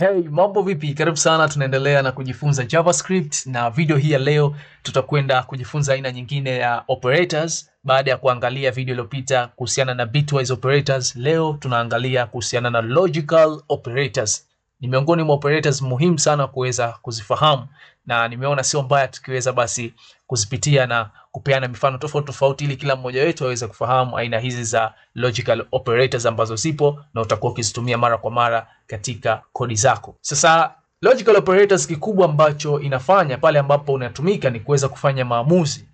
Hey, mambo vipi? Karibu sana, tunaendelea na kujifunza JavaScript na video hii ya leo tutakwenda kujifunza aina nyingine ya operators. Baada ya kuangalia video iliyopita kuhusiana na bitwise operators, leo tunaangalia kuhusiana na logical operators. Ni miongoni mwa operators muhimu sana kuweza kuzifahamu na nimeona sio mbaya tukiweza basi kuzipitia na kupeana mifano tofauti tofauti ili kila mmoja wetu aweze kufahamu aina hizi za logical operators ambazo zipo na utakuwa ukizitumia mara kwa mara katika kodi zako. Sasa logical operators, kikubwa ambacho inafanya pale ambapo unatumika ni kuweza kufanya maamuzi,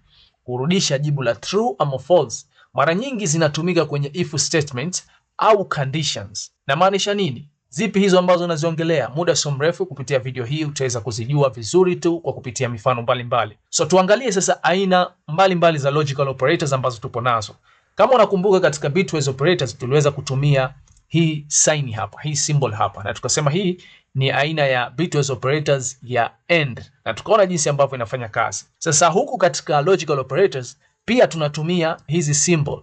kurudisha jibu la true ama false. Mara nyingi zinatumika kwenye if statement au conditions. Na maanisha nini? Zipi hizo ambazo naziongelea? Muda sio mrefu kupitia video hii utaweza kuzijua vizuri tu kwa kupitia mifano mbalimbali mbali. So tuangalie sasa aina mbalimbali mbali za logical operators ambazo tupo nazo. Kama unakumbuka katika bitwise operators tuliweza kutumia hii sign hapa, hii symbol hapa, na tukasema hii ni aina ya bitwise operators ya AND na tukaona jinsi ambavyo inafanya kazi. Sasa huku katika logical operators pia tunatumia hizi symbol,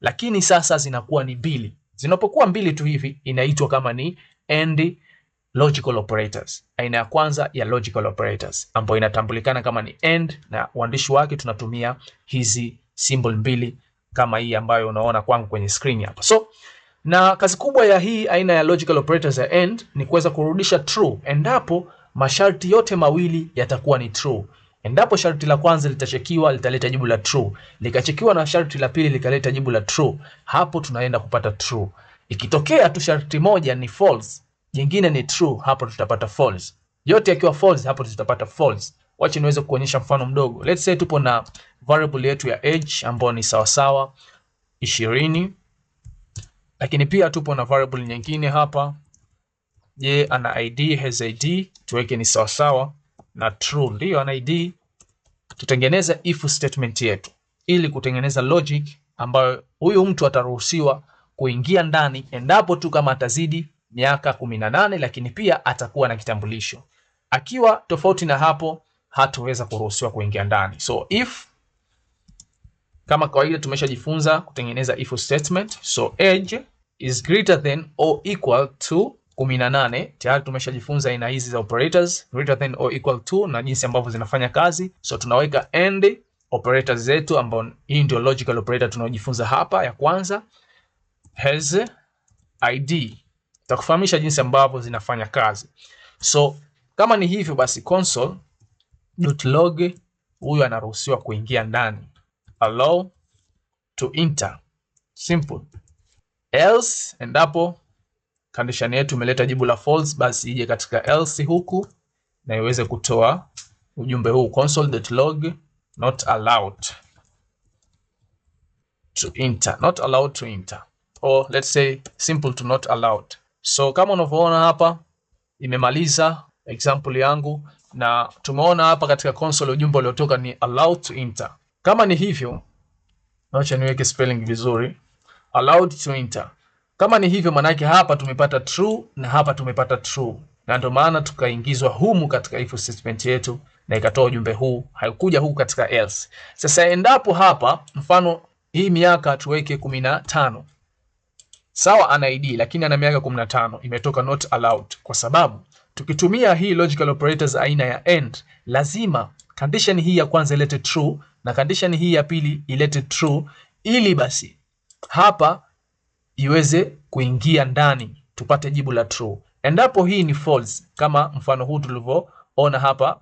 lakini sasa zinakuwa ni mbili Zinapokuwa mbili tu hivi inaitwa kama ni and logical operators. Aina ya kwanza ya logical operators ambayo inatambulikana kama ni and, na uandishi wake tunatumia hizi symbol mbili kama hii ambayo unaona kwangu kwenye screen hapa. So na kazi kubwa ya hii aina ya logical operators ya and ni kuweza kurudisha true endapo masharti yote mawili yatakuwa ni true. Endapo sharti la kwanza litachekiwa litaleta jibu la true, likachekiwa na sharti la pili likaleta jibu la true, hapo tunaenda kupata true. Ikitokea tu sharti moja ni false, jingine ni true, hapo tutapata false. Yote yakiwa false, hapo tutapata false. Wacha niweze kuonyesha mfano mdogo. Let's say tupo na variable yetu ya age ambayo ni sawasawa 20, lakini pia tupo na variable nyingine hapa. Je, ana id has id, tuweke ni sawasawa na true, ndiyo NID. Tutengeneze if statement yetu ili kutengeneza logic ambayo huyu mtu ataruhusiwa kuingia ndani endapo tu kama atazidi miaka 18, lakini pia atakuwa na kitambulisho. Akiwa tofauti na hapo, hatuweza kuruhusiwa kuingia ndani. So if kama kawaida tumeshajifunza kutengeneza if statement. So age is greater than or equal to 18 tayari tumeshajifunza aina hizi za operators greater than or equal to na jinsi ambavyo zinafanya kazi. So tunaweka and operators zetu, ambao hii ndio logical operator tunaojifunza hapa ya kwanza, has id. takufahamisha jinsi ambavyo zinafanya kazi. So kama ni hivyo basi console.log huyu anaruhusiwa kuingia ndani, allow to enter simple, else endapo condition yetu imeleta jibu la false, basi ije katika else huku na iweze kutoa ujumbe huu console.log not allowed to enter, not allowed to enter or let's say simple to not allowed. So kama unavyoona hapa imemaliza example yangu na tumeona hapa katika console ujumbe uliotoka ni allowed to enter. Kama ni hivyo, acha niweke spelling vizuri allowed to enter kama ni hivyo, manake hapa tumepata true na hapa tumepata true, na ndio maana tukaingizwa humu katika if statement yetu na ikatoa ujumbe huu, haikuja huku katika else. Sasa endapo hapa mfano hii miaka tuweke 15 sawa, ana ID lakini ana miaka 15, imetoka not allowed, kwa sababu tukitumia hii logical operators aina ya and, lazima condition hii ya kwanza ilete true na condition hii ya pili ilete true, ili basi hapa iweze kuingia ndani tupate jibu la true. Endapo hii ni false, kama mfano huu tulivyoona hapa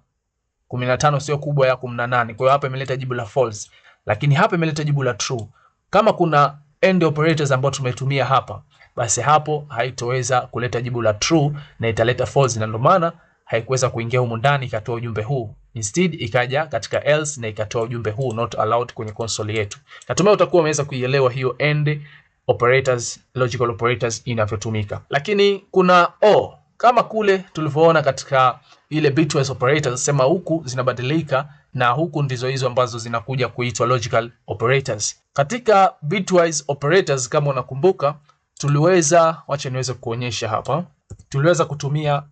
15 sio kubwa ya 18. Kwa hiyo hapa imeleta jibu la false. Lakini hapa imeleta jibu la true. Kama kuna end operators ambao tumetumia hapa, basi hapo haitoweza kuleta jibu la true na italeta false, na ndio maana haikuweza kuingia humu ndani ikatoa ujumbe huu. Instead ikaja katika else na ikatoa ujumbe huu not allowed kwenye console yetu. Natumai utakuwa umeweza kuielewa hiyo end operators, logical operators inavyotumika. Lakini kuna o kama kule tulivyoona katika ile bitwise operators, sema huku zinabadilika na huku ndizo hizo ambazo zinakuja kuitwa logical operators. Katika bitwise operators, kama unakumbuka, tuliweza wacha niweze kuonyesha hapa, tuliweza kutumia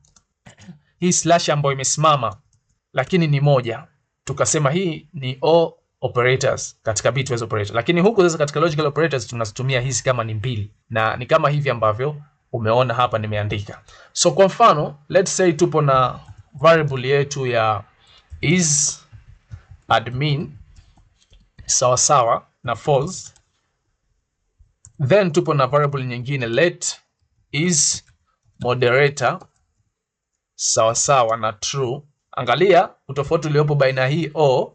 hii slash ambayo imesimama lakini ni moja, tukasema hii ni o operators katika bitwise operator, lakini huku sasa katika logical operators tunazitumia hizi kama ni mbili, na ni kama hivi ambavyo umeona hapa nimeandika. So kwa mfano, let's say tupo na variable yetu ya is admin sawa sawa na false, then tupo na variable nyingine let is moderator sawa sawa na true. Angalia utofauti uliopo baina hii o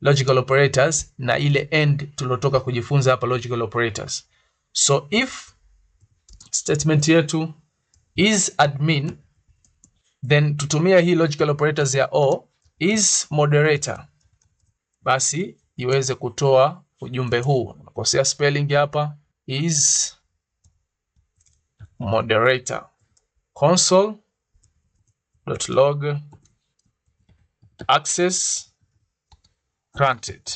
logical operators na ile end tulotoka kujifunza hapa logical operators. So if statement yetu is admin, then tutumia hii logical operators ya o is moderator, basi iweze kutoa ujumbe huu. Nakosea spelling hapa, is moderator console.log access granted.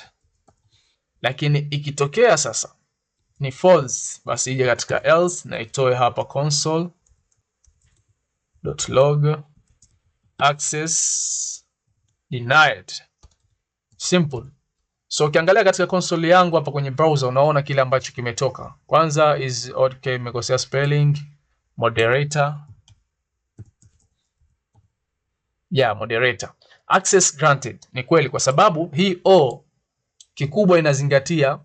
Lakini ikitokea sasa ni false, basi ije katika else na itoe hapa console.log access denied. Simple. So ukiangalia katika console yangu hapa kwenye browser unaona kile ambacho kimetoka. Kwanza is okay, imekosea spelling moderator. Yeah, moderator access granted. Ni kweli kwa sababu hii o kikubwa inazingatia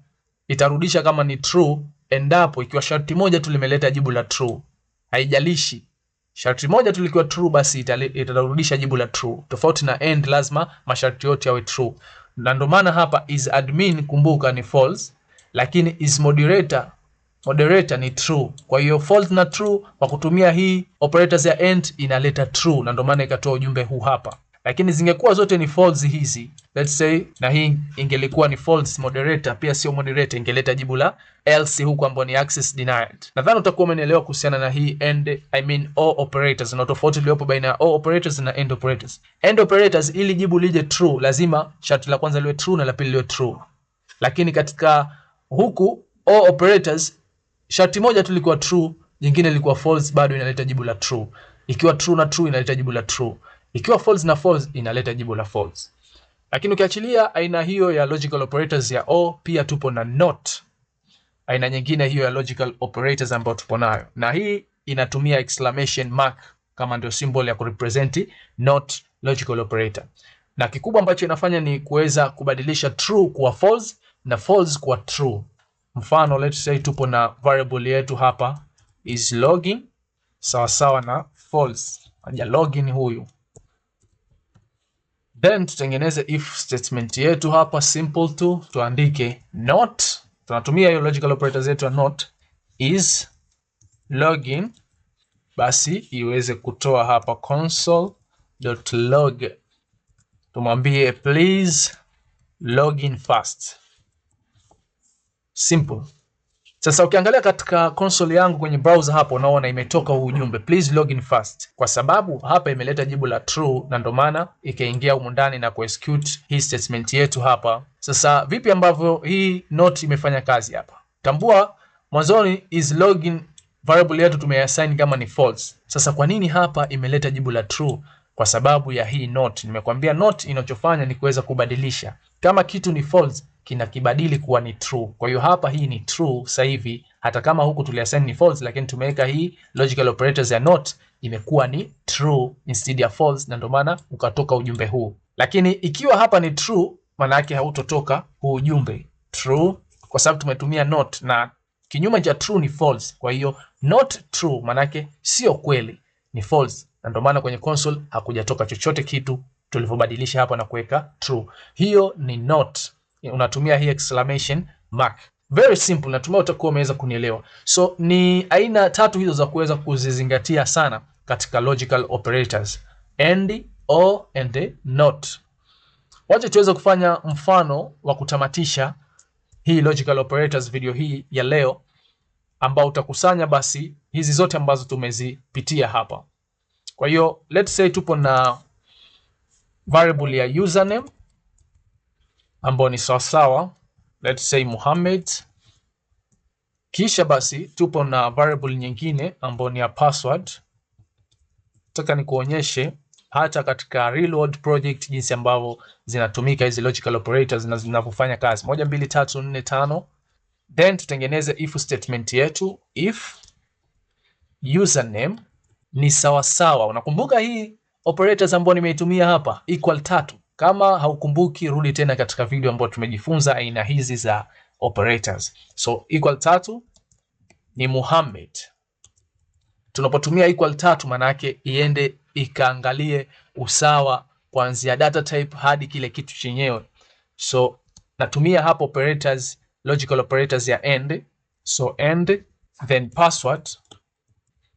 itarudisha kama ni true endapo ikiwa sharti moja tu limeleta jibu la true. Haijalishi sharti moja tu likiwa true, basi itarudisha jibu la true, tofauti na and, lazima masharti yote yawe true, na ndio maana hapa is admin, kumbuka ni false, lakini is moderator moderator ni true. Kwa hiyo false na true kwa kutumia hii operators ya and inaleta true, na ndio maana ikatoa ujumbe huu hapa lakini zingekuwa zote ni false hizi, let's say, na hii ingelikuwa ni false moderator, pia sio moderator, ingeleta jibu la else huku ambapo ni access denied. Nadhani utakuwa umeelewa kuhusiana na hii and I mean all operators na tofauti iliyopo baina ya all operators na end operators. End operators, ili jibu lije true, lazima sharti la kwanza liwe true na la pili liwe true, lakini katika huku all operators sharti moja tu likuwa true, nyingine likuwa false, bado inaleta jibu la true. Ikiwa true na true inaleta jibu la true. Ikiwa false na false inaleta jibu la false. Lakini ukiachilia aina hiyo ya logical operators ya or, pia tupo na not. Aina nyingine hiyo ya logical operators ambayo tupo nayo. Na hii inatumia exclamation mark kama ndio symbol ya kurepresent not logical operator. Na kikubwa ambacho inafanya ni kuweza kubadilisha true kuwa false na false kuwa true. Mfano, let's say tupo na variable yetu hapa is login sawa sawa na false. Haja login huyu. Then tutengeneze if statement yetu hapa simple tu, tuandike not, tunatumia hiyo logical operator zetu not is login, basi iweze kutoa hapa console.log. Tumwambie please login fast, simple. Sasa ukiangalia katika console yangu kwenye browser hapo, unaona imetoka huu ujumbe please login fast, kwa sababu hapa imeleta jibu la true, na ndo maana ikaingia humu ndani na kuexecute hii statement yetu hapa. Sasa vipi ambavyo hii note imefanya kazi hapa? Tambua mwanzoni is login variable yetu tumeassign kama ni false. Sasa kwa nini hapa imeleta jibu la true? Kwa sababu ya hii note. Nimekwambia note inachofanya ni kuweza kubadilisha kama kitu ni false kinakibadili kuwa ni true. Kwa hiyo hapa hii ni true sasa hivi, hata kama huku tuliassign ni false, lakini tumeweka hii logical operators ya not imekuwa ni true instead ya false, na ndio maana ukatoka ujumbe huu. Lakini ikiwa hapa ni true, maana yake hautotoka huu ujumbe true, kwa sababu tumetumia not na kinyume cha true ni false. Kwa hiyo not true maana yake sio kweli, ni false, na ndio maana kwenye console hakujatoka chochote kitu tulivyobadilisha hapa na kuweka true. Hiyo ni not unatumia hii exclamation mark. Very simple, natumai utakuwa umeweza kunielewa. So ni aina tatu hizo za kuweza kuzizingatia sana katika logical operators and, or, and not. Wacha tuweze kufanya mfano wa kutamatisha hii logical operators video hii ya leo, ambao utakusanya basi hizi zote ambazo tumezipitia hapa. Kwa hiyo let's say tupo na variable ya username ambao ni sawasawa let's say Muhammad. Kisha basi tupo na variable nyingine ambayo ni ya password. Nataka nikuonyeshe hata katika real world project jinsi ambavyo zinatumika hizi logical operators na zinavyofanya kazi, moja mbili tatu nne tano. Then tutengeneze if statement yetu, if username ni sawasawa, unakumbuka hii operators ambayo nimeitumia hapa equal tatu kama haukumbuki, rudi tena katika video ambayo tumejifunza aina hizi za operators. So equal tatu ni Muhammad. Tunapotumia equal tatu, maana yake iende ikaangalie usawa kuanzia data type hadi kile kitu chenyewe. So natumia hapo operators, logical operators ya and. So and then password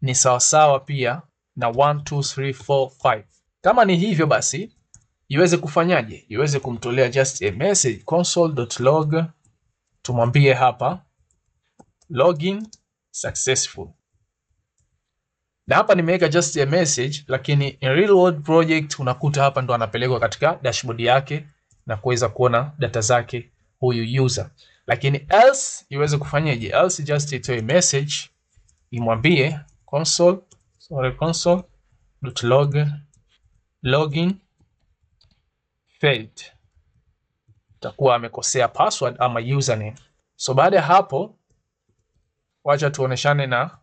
ni sawasawa pia na 1 2 3 4 5. Kama ni hivyo basi iweze kufanyaje? Iweze kumtolea just a message console.log, tumwambie hapa login successful, na hapa nimeweka just a message, lakini in real world project unakuta hapa ndo anapelekwa katika dashboard yake na kuweza kuona data zake huyu user, lakini else iweze kufanyaje? Else just itoe message imwambie console, sorry, console.log login failed, takuwa amekosea password ama username. So baada ya hapo, wacha tuoneshane na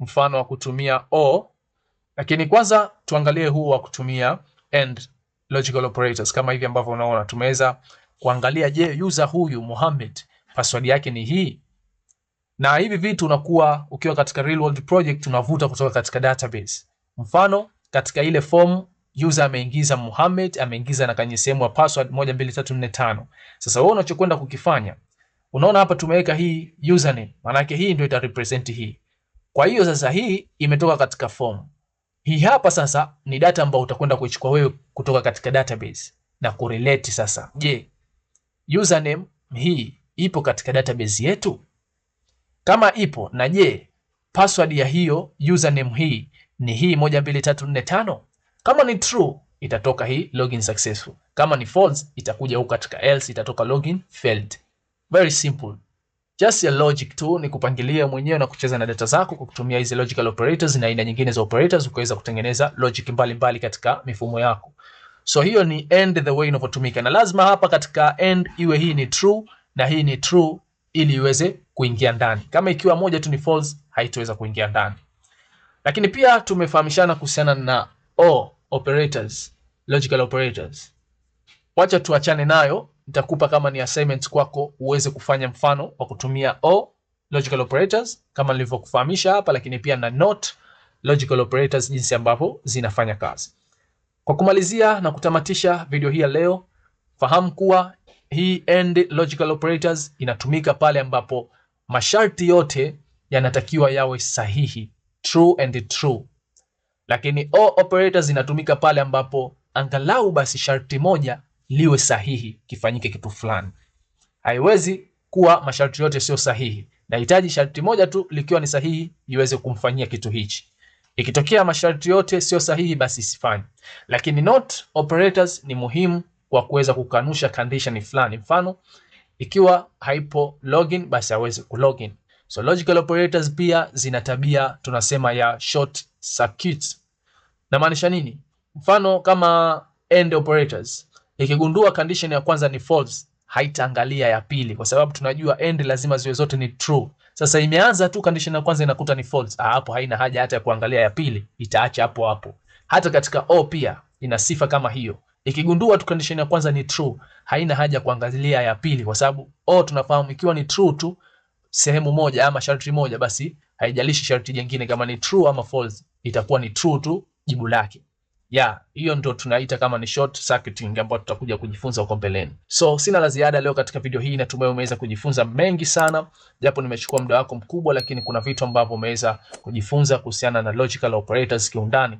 mfano wa kutumia o, lakini kwanza tuangalie huu wa kutumia and logical operators, kama hivi ambavyo unaona tumeweza kuangalia, je, user huyu Mohamed password yake ni hii na hivi vitu unakuwa ukiwa katika real world project unavuta kutoka katika database. Mfano katika ile form user ameingiza Muhammad, ameingiza na kwenye sehemu ya password 12345. Sasa wewe unachokwenda kukifanya, unaona hapa tumeweka hii username, maana yake hii ndio ita represent hii. Kwa hiyo sasa hii imetoka katika form hii hapa. Sasa ni data ambayo utakwenda kuichukua wewe kutoka katika database na kurelate sasa. Je, username hii ipo katika database yetu? Kama ipo na je, password ya hiyo username hii ni hii 1234? Kama ni true itatoka hii login successful. Kama ni false itakuja huko katika else itatoka login failed. Very simple. Just a logic tu ni kupangilia mwenyewe na kucheza na data zako kwa kutumia hizi logical operators na aina nyingine za operators ukaweza kutengeneza logic mbalimbali mbali katika mifumo yako. So hiyo ni end the way inavyotumika. Na lazima hapa katika end iwe hii ni true na hii ni true ili iweze kuingia ndani. Kama ikiwa moja tu ni false haitoweza kuingia ndani. Lakini pia tumefahamishana kuhusiana na or operators, logical operators. Wacha tuachane nayo, nitakupa kama ni assignment kwako uweze kufanya mfano wa kutumia o logical operators kama nilivyokufahamisha hapa, lakini pia na not logical operators, jinsi ambavyo zinafanya kazi. Kwa kumalizia na kutamatisha video hii ya leo, fahamu kuwa hii and logical operators inatumika pale ambapo masharti yote yanatakiwa yawe sahihi, true and true lakini o operator zinatumika pale ambapo angalau basi sharti moja liwe sahihi, kifanyike kitu fulani. Haiwezi kuwa masharti yote sio sahihi, nahitaji sharti moja tu likiwa ni sahihi iweze kumfanyia kitu hichi. Ikitokea masharti yote sio sahihi, basi isifanye. Lakini not operators ni muhimu kwa kuweza kukanusha condition fulani. Mfano, ikiwa haipo login, basi hawezi kulogin. So logical operators pia zina tabia tunasema ya short circuits. Namaanisha nini? Mfano kama end operators ikigundua condition ya kwanza ni false, haitaangalia ya pili, kwa sababu tunajua end lazima ziwe zote ni true. Sasa imeanza tu condition ya kwanza inakuta ni false, ah, hapo haina haja hata ya kuangalia ya pili, itaacha hapo hapo. Hata katika O pia ina sifa kama hiyo. Ikigundua tu condition ya kwanza ni true, haina haja kuangalia ya pili, kwa sababu O tunafahamu ikiwa ni true tu sehemu moja ama sharti moja, basi haijalishi sharti jingine kama ni true ama false, itakuwa ni true tu jibu lake. Yeah, hiyo ndio tunaita kama ni short circuiting ambayo tutakuja kujifunza huko mbeleni. So sina la ziada leo katika video hii, natumai umeweza kujifunza mengi sana, japo nimechukua muda wako mkubwa, lakini kuna vitu ambavyo umeweza kujifunza kuhusiana na logical operators kiundani.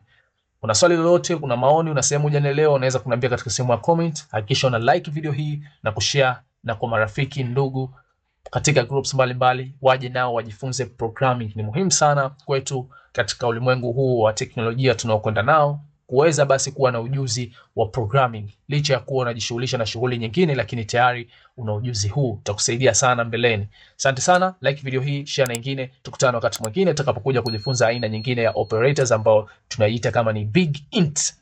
Kuna swali lolote, kuna maoni, una sehemu hujanielewa, unaweza kuniambia katika sehemu ya comment. Hakikisha una like video hii na kushare na kwa marafiki, ndugu katika groups mbalimbali waje nao wajifunze programming. Ni muhimu sana kwetu katika ulimwengu huu wa teknolojia tunaokwenda nao kuweza basi kuwa na ujuzi wa programming. Licha ya kuwa unajishughulisha na shughuli nyingine, lakini tayari una ujuzi huu, utakusaidia sana mbeleni. Asante sana, like video hii, share na wengine. Tukutane wakati mwingine tutakapokuja kujifunza aina nyingine ya operators ambayo tunaiita kama ni big int.